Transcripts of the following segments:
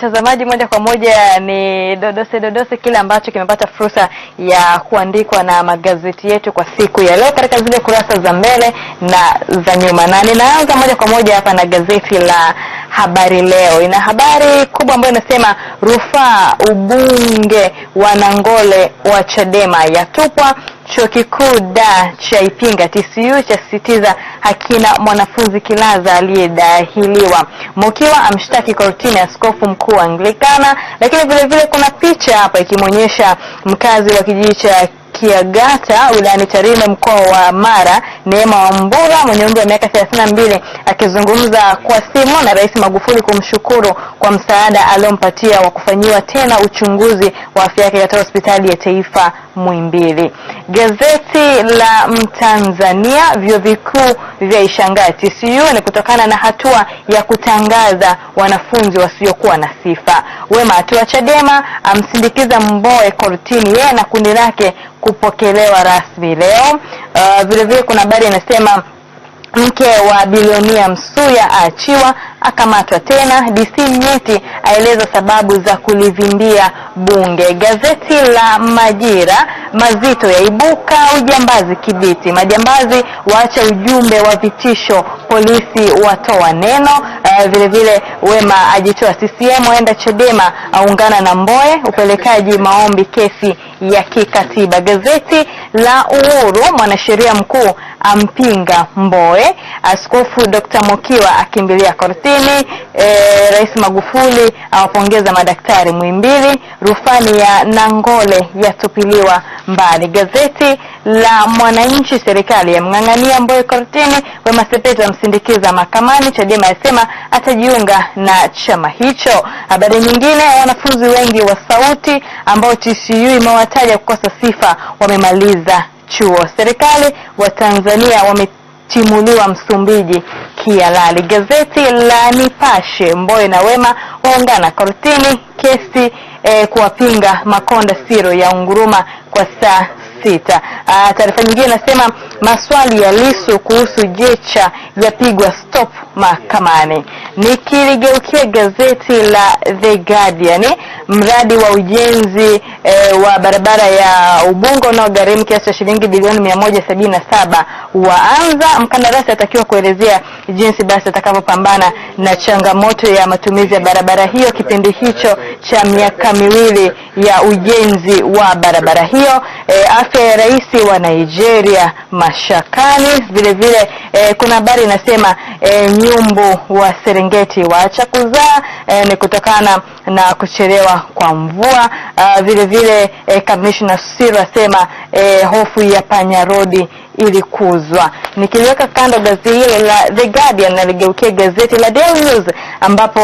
mtazamaji, moja kwa moja ni dodose dodose kile ambacho kimepata fursa ya kuandikwa na magazeti yetu kwa siku ya leo katika zile kurasa za mbele na za nyuma, na ninaanza moja kwa moja hapa na gazeti la Habari Leo ina habari kubwa ambayo inasema rufaa ubunge wa Nangole wa Chadema yatupwa. Chuo Kikuu da cha Ipinga TCU chasisitiza hakina mwanafunzi kilaza aliyedahiliwa. Mukiwa amshtaki kortini askofu mkuu wa Anglikana. Lakini vilevile vile kuna picha hapa ikimwonyesha mkazi wa kijiji cha Kiagata wilayani Tarime mkoa wa Mara. Neema Wambura mwenye umri wa miaka 32 akizungumza kwa simu na Rais Magufuli kumshukuru kwa msaada aliompatia wa kufanyiwa tena uchunguzi wa afya yake katika hospitali ya taifa Muhimbili. Gazeti la Mtanzania, vyuo vikuu vya ishangaa TCU ni kutokana na hatua ya kutangaza wanafunzi wasiokuwa na sifa. Wema hatua Chadema amsindikiza Mbowe kortini, yeye na kundi lake kupokelewa rasmi leo. Uh, vile vile kuna habari inasema Mke wa bilionia Msuya aachiwa, akamatwa tena. DC Mnyeti aeleza sababu za kulivimbia bunge. Gazeti la Majira, mazito yaibuka ujambazi Kibiti, majambazi waacha ujumbe wa vitisho, polisi watoa neno. Uh, vile vile Wema ajitoa CCM, aenda Chadema, aungana na Mboe, upelekaji maombi kesi ya kikatiba. Gazeti la Uhuru, mwanasheria mkuu ampinga mboe Askofu Dr. Mokiwa akimbilia kortini, e, Rais Magufuli awapongeza madaktari Muhimbili, rufani ya Nangole yatupiliwa mbali. Gazeti la Mwananchi, serikali yamng'ang'ania mboe kortini, Wema Sepetu amsindikiza mahakamani, Chadema yasema atajiunga na chama hicho. Habari nyingine, wanafunzi wengi wa Sauti ambao TCU imewataja kukosa sifa wamemaliza chuo. Serikali wa Tanzania wametimuliwa Msumbiji kialali Gazeti la Nipashe, Mboye na Wema waungana kortini kesi eh, kuwapinga Makonda Siro ya unguruma kwa saa sita. Ah, taarifa nyingine inasema Maswali ya Lissu kuhusu Jecha yapigwa stop mahakamani. Nikiligeukia gazeti la The Guardian, mradi wa ujenzi e, wa barabara ya Ubungo unaogharimu kiasi cha shilingi bilioni saba waanza. Mkandarasi atakiwa kuelezea jinsi basi atakavyopambana na changamoto ya matumizi ya barabara hiyo kipindi hicho cha miaka miwili ya ujenzi wa barabara hiyo. E, afya ya rais wa Nigeria mashakani. Vile vile eh, kuna habari inasema eh, nyumbu wa Serengeti waacha kuzaa eh, ni kutokana na kuchelewa kwa mvua. Uh, vile vile eh, kamishna Siru asema eh, hofu ya panyarodi ilikuzwa. Nikiliweka kando gazeti hili la The Guardian, naligeukia gazeti la Daily News ambapo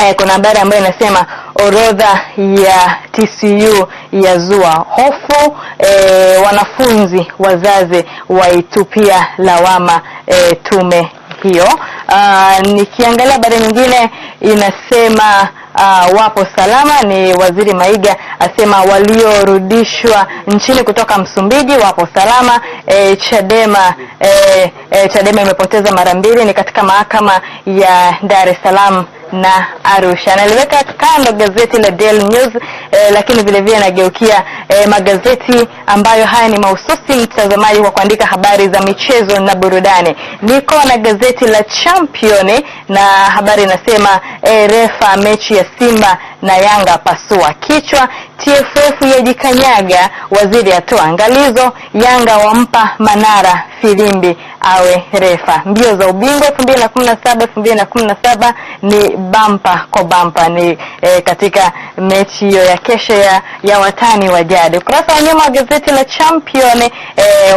Eh, kuna habari ambayo inasema orodha ya TCU ya zua hofu eh, wanafunzi wazazi waitupia lawama eh, tume hiyo. Uh, nikiangalia habari nyingine inasema uh, wapo salama. Ni waziri Maiga asema waliorudishwa nchini kutoka Msumbiji wapo salama. E, Chadema e, e, Chadema imepoteza mara mbili, ni katika mahakama ya Dar es Salaam na Arusha. Naliweka kando gazeti la Daily News eh, lakini vile vile nageukia eh, magazeti ambayo haya ni mahususi mtazamaji kwa kuandika habari za michezo na burudani. Niko na gazeti la Champion na habari inasema eh, refa mechi ya Simba na Yanga pasua kichwa. TFF yajikanyaga, waziri atoa angalizo, Yanga wampa Manara filimbi awe refa. Mbio za ubingwa 2017 2017 ni bampa kwa bampa, ni e, katika mechi hiyo ya kesho ya, ya watani wa jadi. Ukurasa wa nyuma wa gazeti la Champion, e,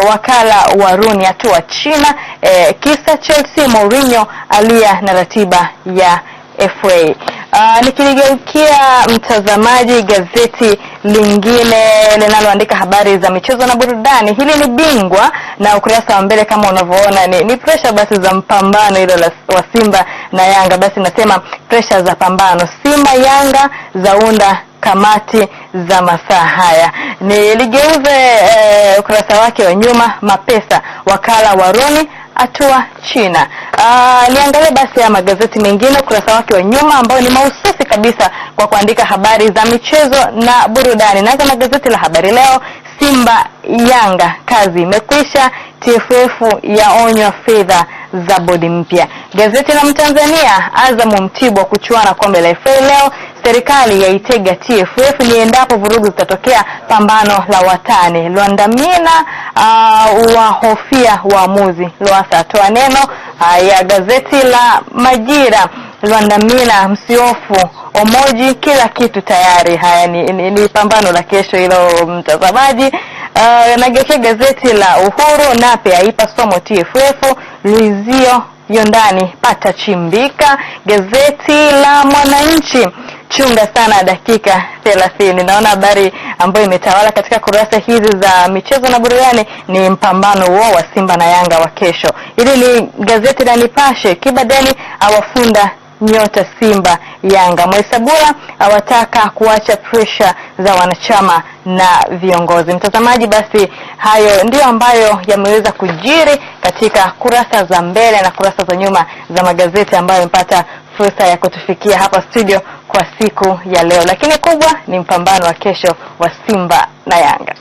wakala wa Rooney atua China, e, kisa Chelsea Mourinho alia na ratiba ya FA. Uh, nikiligeukia mtazamaji, gazeti lingine linaloandika habari za michezo na burudani, hili ni Bingwa na ukurasa wa mbele kama unavyoona ni, ni presha basi za mpambano hilo wa Simba na Yanga. Basi nasema presha za pambano Simba Yanga zaunda kamati za masaa haya. Niligeuze eh, ukurasa wake wa nyuma, mapesa wakala waroni atua China. Uh, niangalie basi ya magazeti mengine ukurasa wake wa nyuma ambayo ni mahususi kabisa kwa kuandika habari za michezo na burudani. Naanza na gazeti la Habari Leo. Simba Yanga kazi imekwisha, TFF yaonywa fedha za bodi mpya. Gazeti la Mtanzania, Azamu Mtibwa kuchuana kombe la FA leo, serikali yaitega TFF ni endapo vurugu zitatokea, pambano la watani Luandamina uh, ah, wahofia waamuzi. Lowassa atoa neno uh, ya gazeti la Majira. Lwandamila msiofu Omoji, kila kitu tayari. Haya ni, ni, ni pambano la kesho hilo, mtazamaji. Uh, ah, nageukia gazeti la Uhuru. Nape aipa somo TFF, Luizio Yondani pata chimbika. Gazeti la Mwananchi chunga sana dakika thelathini. Naona habari ambayo imetawala katika kurasa hizi za michezo na burudani ni mpambano huo wa Simba na Yanga wa kesho. Hili ni gazeti la Nipashe. deni awafunda nyota Simba Yanga. Mwesabura awataka kuacha presha za wanachama na viongozi. Mtazamaji, basi hayo ndiyo ambayo yameweza kujiri katika kurasa za mbele na kurasa za nyuma za magazeti ambayo yamepata fursa ya kutufikia hapa studio kwa siku ya leo, lakini kubwa ni mpambano wa kesho wa Simba na Yanga.